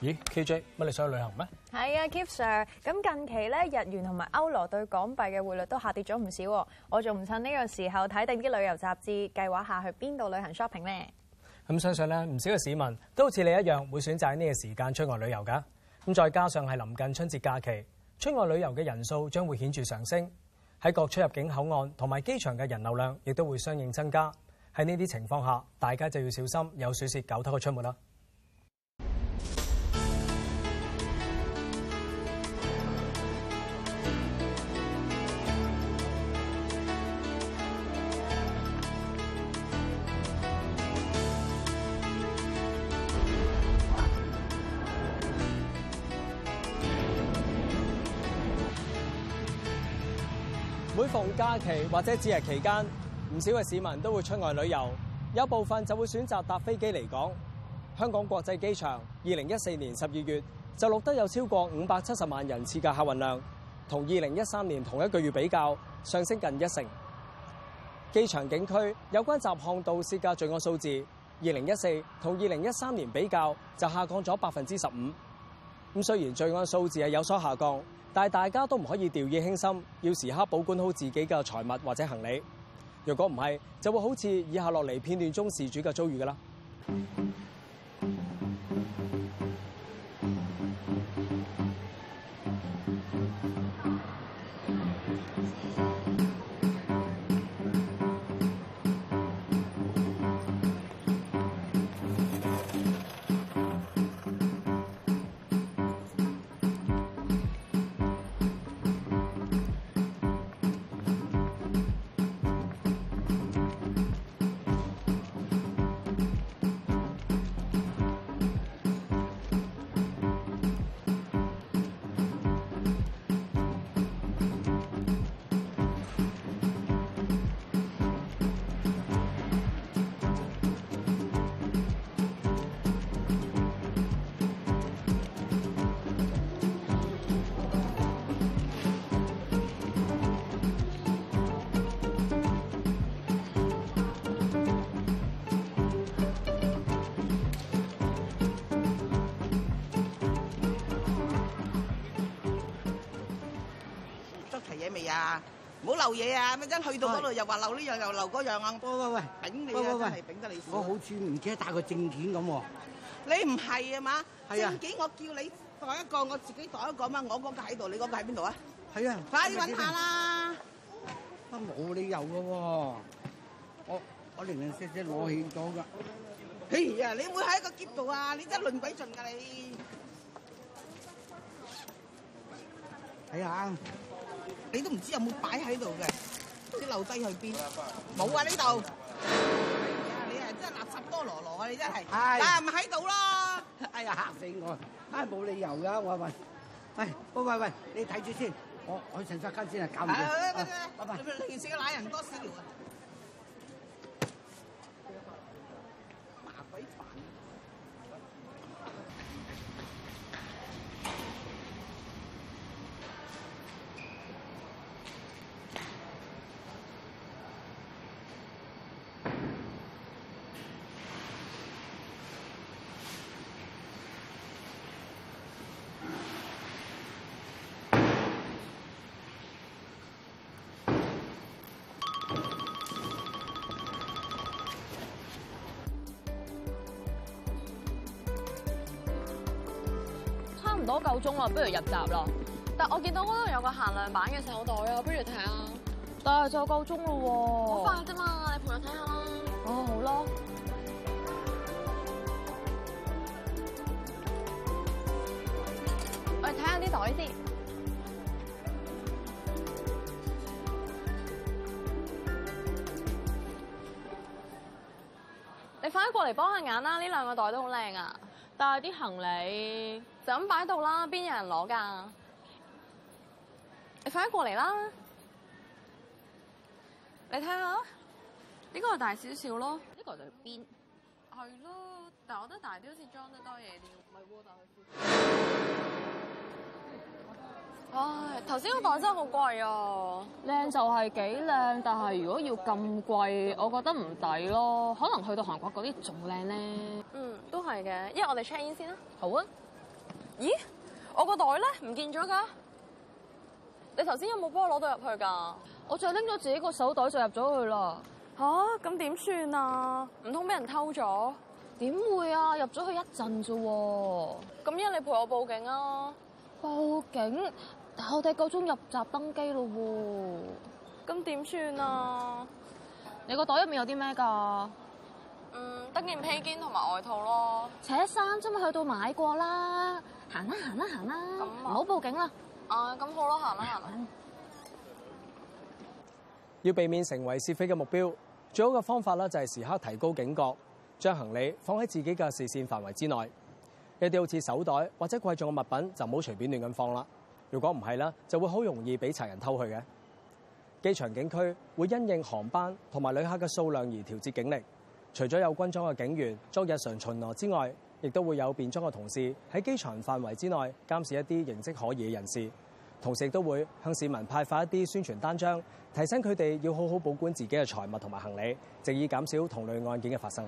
咦，KJ，乜你想去旅行咩？係啊，Keep Sir，咁近期咧，日元同埋歐羅對港幣嘅匯率都下跌咗唔少，我仲唔趁呢個時候睇定啲旅遊雜誌，計劃下去邊度旅行 shopping 咧？咁相信咧，唔少嘅市民都好似你一樣，會選擇喺呢個時間出外旅遊㗎。咁再加上係臨近春節假期，出外旅遊嘅人數將會顯著上升，喺各出入境口岸同埋機場嘅人流量亦都會相應增加。喺呢啲情況下，大家就要小心有鼠竊狗偷嘅出沒啦。假期或者節日期間，唔少嘅市民都會出外旅遊，有部分就會選擇搭飛機嚟港。香港國際機場二零一四年十二月就錄得有超過五百七十萬人次嘅客運量，同二零一三年同一個月比較上升近一成。機場禁區有關集控度設嘅罪案數字二零一四同二零一三年比較就下降咗百分之十五。咁雖然罪案數字係有所下降。但大家都唔可以掉以輕心，要時刻保管好自己嘅財物或者行李。若果唔係，就會好似以下落嚟片段中事主嘅遭遇㗎喇。未啊！唔好漏嘢啊！咪真去到嗰度又話漏呢樣又漏嗰樣，硬波喂喂，頂你啊真係頂得你死！我好似唔記得帶個證件咁喎。你唔係啊嘛？證件我叫你袋一個，我自己袋一個嘛。我嗰個喺度，你嗰個喺邊度啊？係啊！快啲揾下啦！都冇理由嘅喎，我我零零舍舍攞起咗㗎。哎呀！你會喺個結度啊？你真係論鬼盡㗎你！睇下。你都唔知有冇擺喺度嘅，啲留低去邊？冇啊呢度！你係真係垃圾多羅羅啊！你真係，啊咪喺度囉！哎呀嚇死我！唉，冇理由噶，我話，喂，喂喂，你睇住先，我去陳室間先啊，搞唔掂。拜啊？夠鐘啊，不如入閘啦！但我見到嗰度有個限量版嘅手袋啊，不如睇下。但係就夠鐘咯，好快啫嘛！你陪我睇下啦。哦，好咯。我哋睇下啲袋先。你快啲過嚟幫下眼啦！呢兩個袋都好靚啊。帶啲行李就咁擺度啦，邊有人攞㗎？你快啲過嚟啦！你睇下，呢個大少少咯，呢個就係邊？係咯，但係我覺得大啲好似裝得多嘢啲，唔係喎，但係。唉，頭先個袋真係好貴啊！靚就係幾靚，但係如果要咁貴，我覺得唔抵咯。可能去到韓國嗰啲仲靚咧。嗯，都係嘅。唯有我哋 check in 先啦。好啊。咦？我個袋咧唔見咗㗎！你頭先有冇幫我攞到入去㗎？我就拎咗自己個手袋就入咗去啦。吓？咁點算啊？唔通俾人偷咗？點會啊！入咗去了一陣啫。咁唯有你陪我報警啊！報警？我哋夠鐘入閘登機咯，咁點算啊？你個袋入面有啲咩噶？嗯，得件披肩同埋外套咯。扯衫啫，咪去到買過啦。行啦、啊，行啦、啊，行啦、啊，唔好、啊、報警啦。唉、啊，咁好咯，行啦、啊，行啦、啊啊。要避免成為竊匪嘅目標，最好嘅方法咧就係時刻提高警覺，將行李放喺自己嘅視線範圍之內。有啲好似手袋或者貴重嘅物品就唔好隨便亂咁放啦。如果唔係啦，就會好容易俾賊人偷去嘅。機場警區會因應航班同埋旅客嘅數量而調節警力。除咗有軍裝嘅警員作日常巡邏之外，亦都會有便裝嘅同事喺機場範圍之內監視一啲形跡可疑嘅人士。同時亦都會向市民派發一啲宣傳單張，提醒佢哋要好好保管自己嘅財物同埋行李，藉以減少同類案件嘅發生。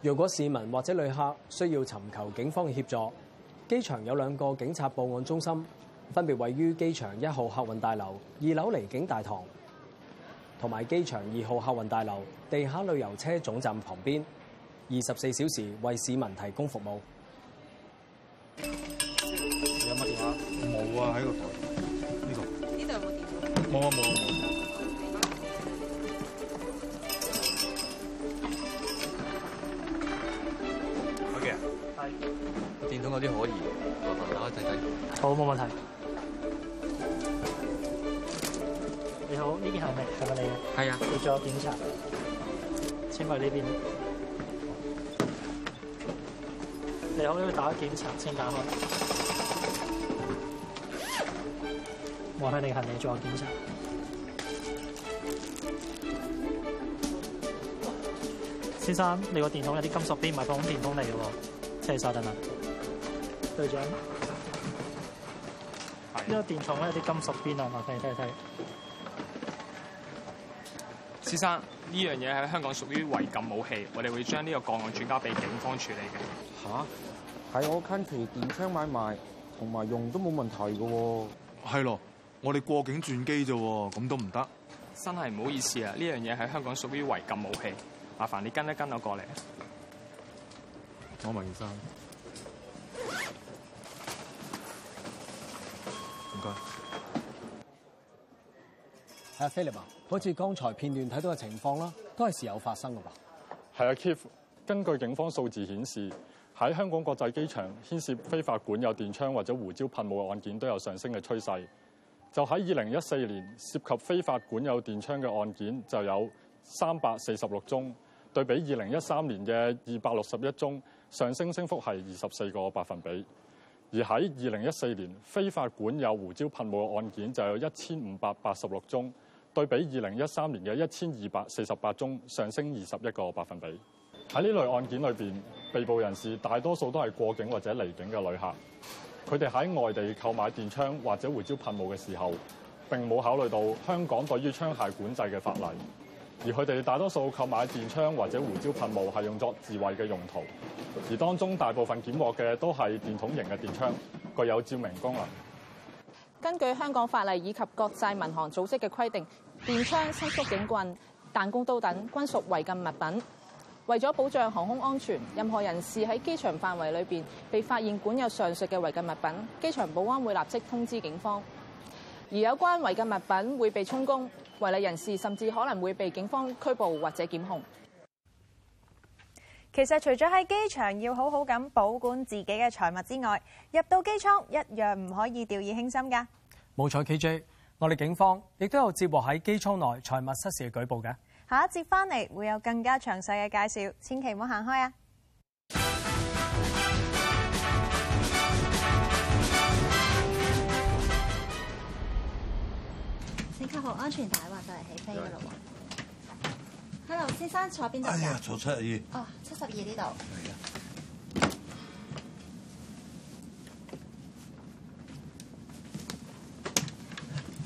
如果市民或者旅客需要尋求警方嘅協助，機場有兩個警察報案中心，分別位於機場一號客運大樓二樓離境大堂，同埋機場二號客運大樓地下旅遊車總站旁邊，二十四小時為市民提供服務。你有乜電話？冇啊，喺個台呢度。呢度有冇電話？冇啊，冇、啊。電筒有啲可疑，麻煩打開睇睇。好，冇問題。你好，呢件行李係咪你嘅？係啊，做咗檢查，請埋呢邊。你好，要打開檢查，先打開。我、嗯、睇你行李做咗檢查、嗯。先生，你個電筒有啲金屬邊，唔係放電筒嚟嘅喎。黐手等啦，隊長。呢個電筒咧有啲金屬邊啊，麻煩你睇睇。先生，呢樣嘢喺香港屬於違禁武器，我哋會將呢個個案轉交俾警方處理嘅。吓？喺我昆其電槍買賣同埋用都冇問題嘅喎。係咯，我哋過境轉機啫，咁都唔得？真係唔好意思啊，呢樣嘢喺香港屬於違禁武器，麻煩你跟一跟我過嚟。我買件衫。唔該。係啊，菲力文，好似剛才片段睇到嘅情況啦，都係時有發生嘅嘛。係啊，Keith，根據警方數字顯示，喺香港國際機場牽涉非法管有電槍或者胡椒噴霧嘅案件都有上升嘅趨勢。就喺二零一四年涉及非法管有電槍嘅案件就有三百四十六宗，對比二零一三年嘅二百六十一宗。上升升幅係二十四個百分比，而喺二零一四年非法管有胡椒噴霧嘅案件就有一千五百八十六宗，對比二零一三年嘅一千二百四十八宗，上升二十一個百分比。喺呢類案件裏邊，被捕人士大多數都係過境或者離境嘅旅客，佢哋喺外地購買電槍或者胡椒噴霧嘅時候，並冇考慮到香港對於槍械管制嘅法例。而佢哋大多數購買電槍或者胡椒噴霧，係用作自衛嘅用途。而當中大部分檢獲嘅都係電筒型嘅電槍，具有照明功能。根據香港法例以及國際民航組織嘅規定，電槍、伸縮警棍、彈弓、刀等均屬違禁物品。為咗保障航空安全，任何人士喺機場範圍裏面被發現管有上述嘅違禁物品，機場保安會立即通知警方，而有關違禁物品會被充公。違例人士甚至可能會被警方拘捕或者檢控。其實除咗喺機場要好好咁保管自己嘅財物之外，入到機艙一樣唔可以掉以輕心噶。冇錯，KJ，我哋警方亦都有接獲喺機艙內財物失竊嘅舉報嘅。下一節翻嚟會有更加詳細嘅介紹，千祈唔好行開啊！插好安全帶，話就嚟、是、起飛嘅咯喎。Hello，先生坐邊度啊？哎呀，坐七十二。哦、oh,，七十二呢度。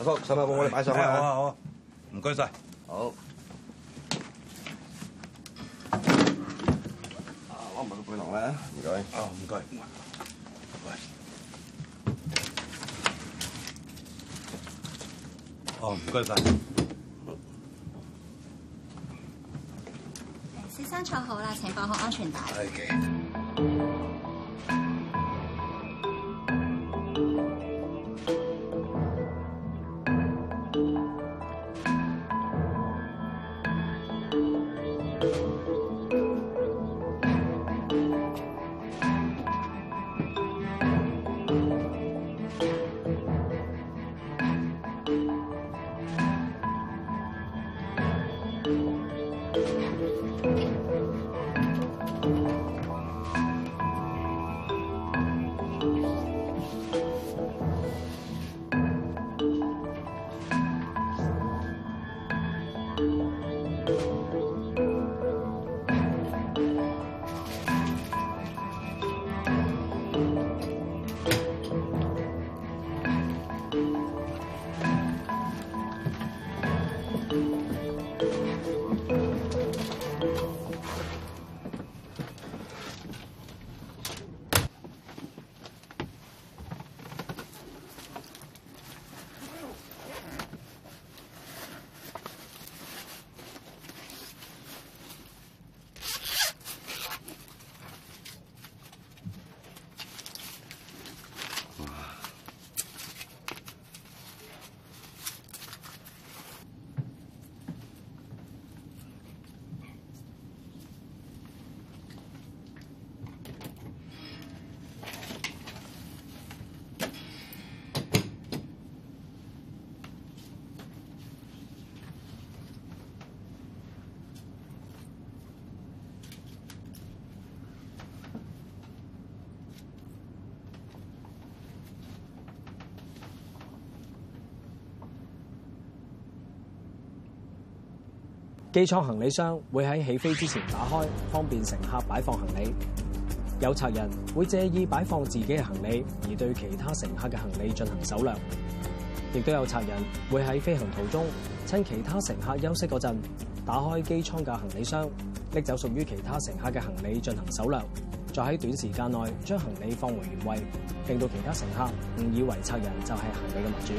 阿叔，叔，上咪幫我哋擺上去。好唔該晒，好。我攞埋個背囊啦，唔該。啊，唔該。謝謝 oh, 謝謝哦、oh，唔該晒。先生坐好啦，請放好安全帶。Okay. 機艙行李箱會喺起飛之前打開，方便乘客擺放行李。有賊人會借意擺放自己嘅行李，而對其他乘客嘅行李進行搜掠。亦都有賊人會喺飛行途中，趁其他乘客休息嗰陣，打開機艙嘅行李箱，拎走屬於其他乘客嘅行李進行搜掠，再喺短時間內將行李放回原位，令到其他乘客誤以為賊人就係行李嘅物主。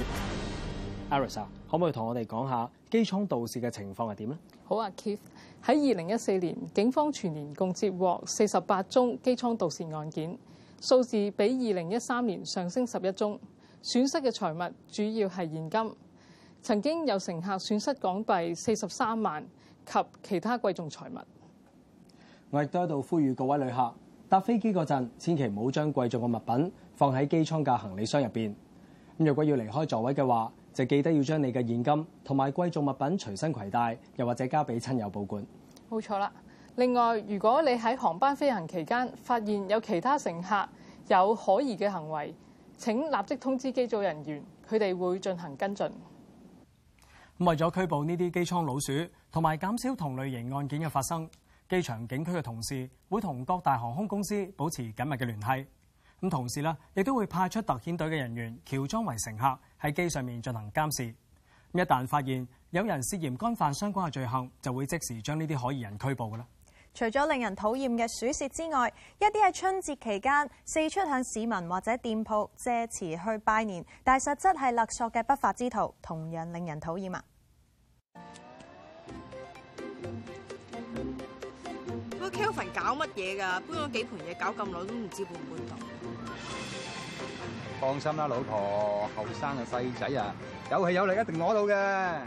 Arisa，可唔可以同我哋講下？機艙盜竊嘅情況係點呢？好啊，Keith 喺二零一四年，警方全年共接獲四十八宗機艙盜竊案件，數字比二零一三年上升十一宗。損失嘅財物主要係現金，曾經有乘客損失港幣四十三萬及其他貴重財物。我亦都喺度呼籲各位旅客搭飛機嗰陣，千祈唔好將貴重嘅物品放喺機艙嘅行李箱入邊。咁若果要離開座位嘅話，就記得要將你嘅現金同埋貴重物品隨身攜帶，又或者交俾親友保管。冇錯啦。另外，如果你喺航班飛行期間發現有其他乘客有可疑嘅行為，請立即通知機組人員，佢哋會進行跟進。咁為咗拘捕呢啲機艙老鼠，同埋減少同類型案件嘅發生，機場警區嘅同事會同各大航空公司保持緊密嘅聯繫。咁同時呢，亦都會派出特遣隊嘅人員喬裝為乘客。喺機上面進行監視，一旦發現有人涉嫌干犯相關嘅罪行，就會即時將呢啲可疑人拘捕嘅啦。除咗令人討厭嘅鼠竊之外，一啲喺春節期間四出向市民或者店鋪借詞去拜年，但實質係勒索嘅不法之徒，同樣令人討厭啊！嗰 Kelvin 搞乜嘢㗎？搬咗幾盤嘢，搞咁耐都唔知會唔會放心啦，老婆，後生嘅細仔啊，有氣有力一定攞到嘅。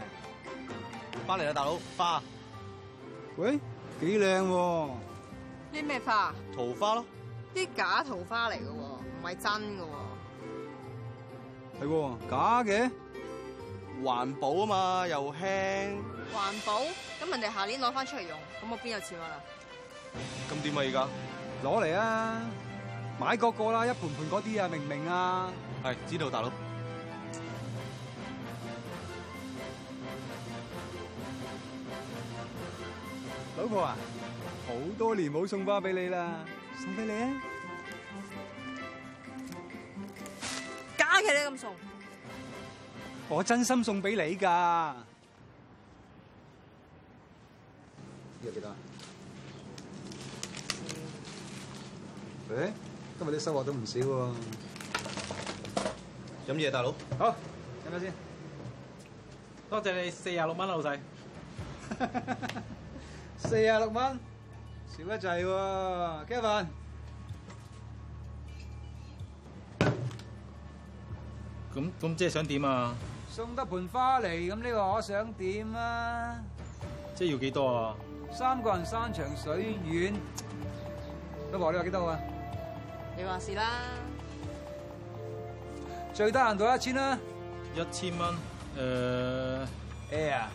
翻嚟啦，大佬，花。喂，幾靚喎？啲咩花？桃花咯，啊。啲假桃花嚟嘅喎，唔係真嘅喎。係喎，假嘅。環保啊嘛，又輕。環保？咁人哋下年攞翻出嚟用，咁我邊有錢揾啊？咁點啊？而家攞嚟啊！買個個啦，一盤盤嗰啲啊，明唔明啊？係知道，大佬。老婆啊，好多年冇送花俾你啦，送俾你啊！假嘅你咁送，我真心送俾你噶。有幾多？喂？今日啲收穫都唔少喎。飲嘢，大佬，好，飲咗先。多謝你四十六蚊，老細，四十六蚊，少得滯喎，雞飯。咁咁即係想點啊？送得盆花嚟，咁呢個我想點啊？即係要幾多啊？三個人山長水遠，老婆，你話幾多啊？你話事啦，最低限度一千啦，一千蚊。誒，A 啊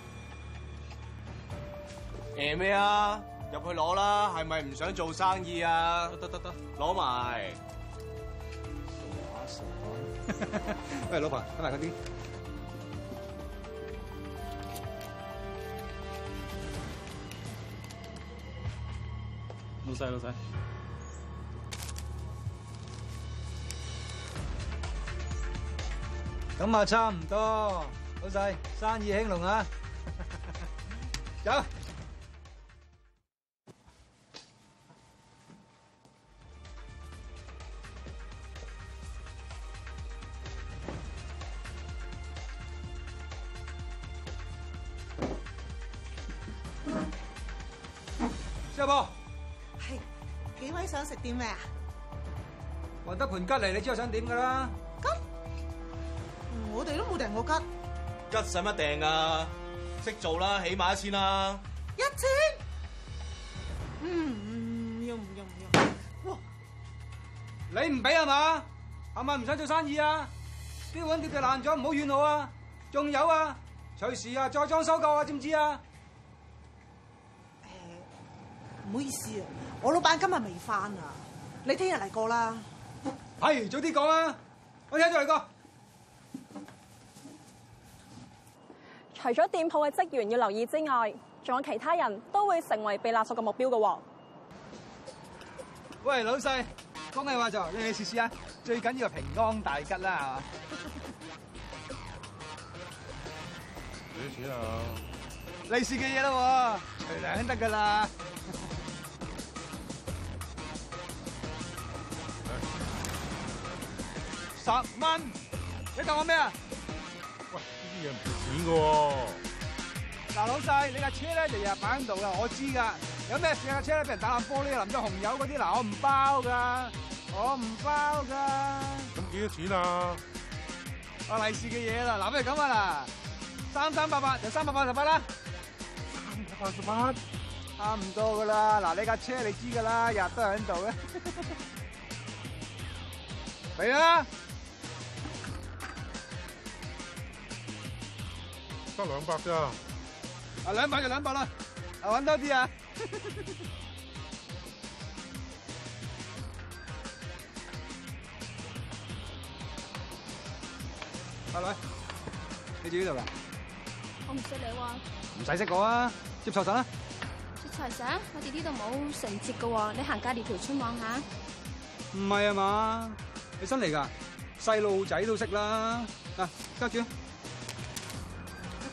，A 咩啊？入去攞啦，係咪唔想做生意啊？得得得得，攞埋。傻傻。喂，老闆，睇埋嗰啲。老細，老細，咁啊，差唔多，老細生意興隆啊！走。小寶，嘿，幾位想食啲咩啊？王德盤吉嚟，你知我想點噶啦。我哋都冇訂，我吉，吉使乜訂啊？識做啦，起碼一千啦。一千，嗯，唔要唔要？唔、嗯、用、嗯嗯嗯。你唔俾係嘛？係咪唔想做生意啊？啲揾跌嘅爛咗，唔好怨我啊！仲有啊，隨時啊再裝修夠啊，知唔知啊？誒、欸，唔好意思啊，我老闆今日未返啊，你聽日嚟過啦。係，早啲講啦，我聽日嚟過。除咗店鋪嘅職員要留意之外，仲有其他人都會成為被勒索嘅目標嘅。喂，老細，講嘅話就你試試啊！最緊要係平安大吉啦，係嘛？幾錢啊？利是嘅嘢咯，兩得噶啦，十 蚊、哎，你等我咩啊？唔蝕錢噶，嗱，老細，你架車咧就日日擺喺度噶，我知噶。有咩事你架車咧俾人打爛玻璃淋咗紅油嗰啲，嗱我唔包噶，我唔包噶。咁幾多錢啊？啊，利是嘅嘢啦，嗱，不如咁啊啦，三三八八就三百八十八啦。三百八十八，差唔多噶啦。嗱，你架車你知噶啦，日日都係喺度嘅。係啊。得兩百咋？啊兩百就兩百啦，啊揾多啲啊！阿女，你住呢度噶？我唔識你喎，唔使識我啊！接插神啊！接插神，我哋呢度冇神接㗎喎，你行隔籬條村望下。唔係啊嘛，你新嚟㗎？細路仔都識啦，嗱，格住。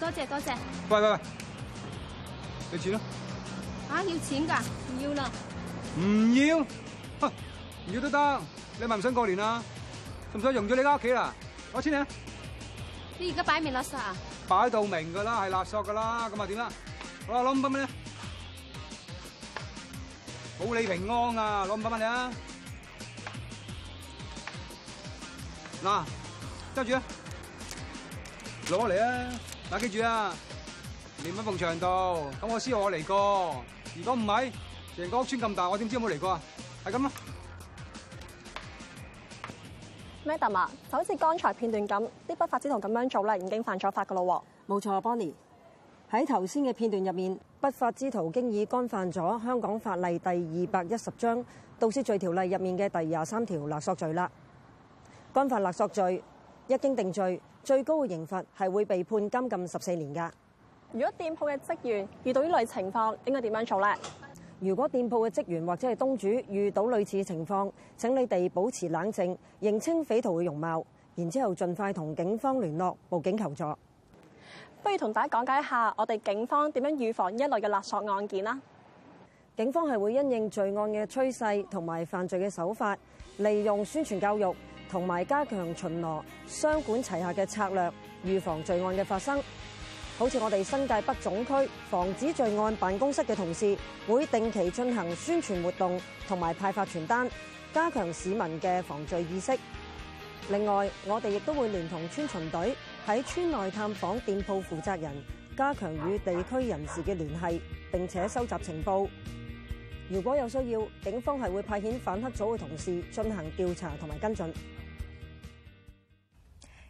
多謝多謝，喂喂喂，畀錢啦。啊，要錢噶？唔要啦，唔要，唔要都得，你係咪唔想過年啊？係咪想融咗你家屋企啦？攞錢啊！你而家擺明垃圾啊？擺到明噶啦，係垃圾噶啦，咁啊點啦？好啦，攞五百蚊咧，保你平安啊！攞五百蚊畀你啊！嗱，揸住，攞我嚟啊！嗱，記住啊，你廉撲墻度，咁我知我嚟過。如果唔係，成個屋村咁大，我點知道我有冇嚟過啊？係咁啦。Madam？就好似剛才片段咁，啲不法之徒咁樣做咧，已經犯咗法噶啦喎。冇錯，Bonnie 喺頭先嘅片段入面，不法之徒經已干犯咗香港法例第二百一十章《盜竊罪條例》入面嘅第廿三條勒索罪啦。干犯勒索罪，一經定罪，最高嘅刑罰係會被判監禁十四年噶。如果店鋪嘅職員遇到呢類情況，應該點樣做呢？如果店鋪嘅職員或者係東主遇到類似情況，請你哋保持冷靜，認清匪徒嘅容貌，然之後盡快同警方聯絡，報警求助。不如同大家講解一下我哋警方點樣預防一類嘅勒索案件啦。警方係會因應罪案嘅趨勢同埋犯罪嘅手法，利用宣傳教育。同埋加強巡邏，雙管齊下嘅策略，預防罪案嘅發生。好似我哋新界北總區防止罪案辦公室嘅同事，會定期進行宣傳活動同埋派發傳單，加強市民嘅防罪意識。另外，我哋亦都會聯同村巡隊喺村內探訪店鋪負責人，加強與地區人士嘅聯繫，並且收集情報。如果有需要，警方係會派遣反黑組嘅同事進行調查同埋跟進。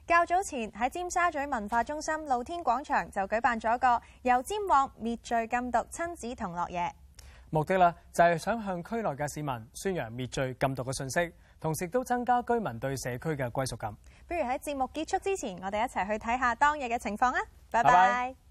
較早前喺尖沙咀文化中心露天廣場就舉辦咗個由尖旺滅罪禁毒親子同樂夜，目的咧就係、是、想向區內嘅市民宣揚滅罪禁毒嘅信息，同時都增加居民對社區嘅歸屬感。不如喺節目結束之前，我哋一齊去睇下當日嘅情況啊！拜拜。Bye bye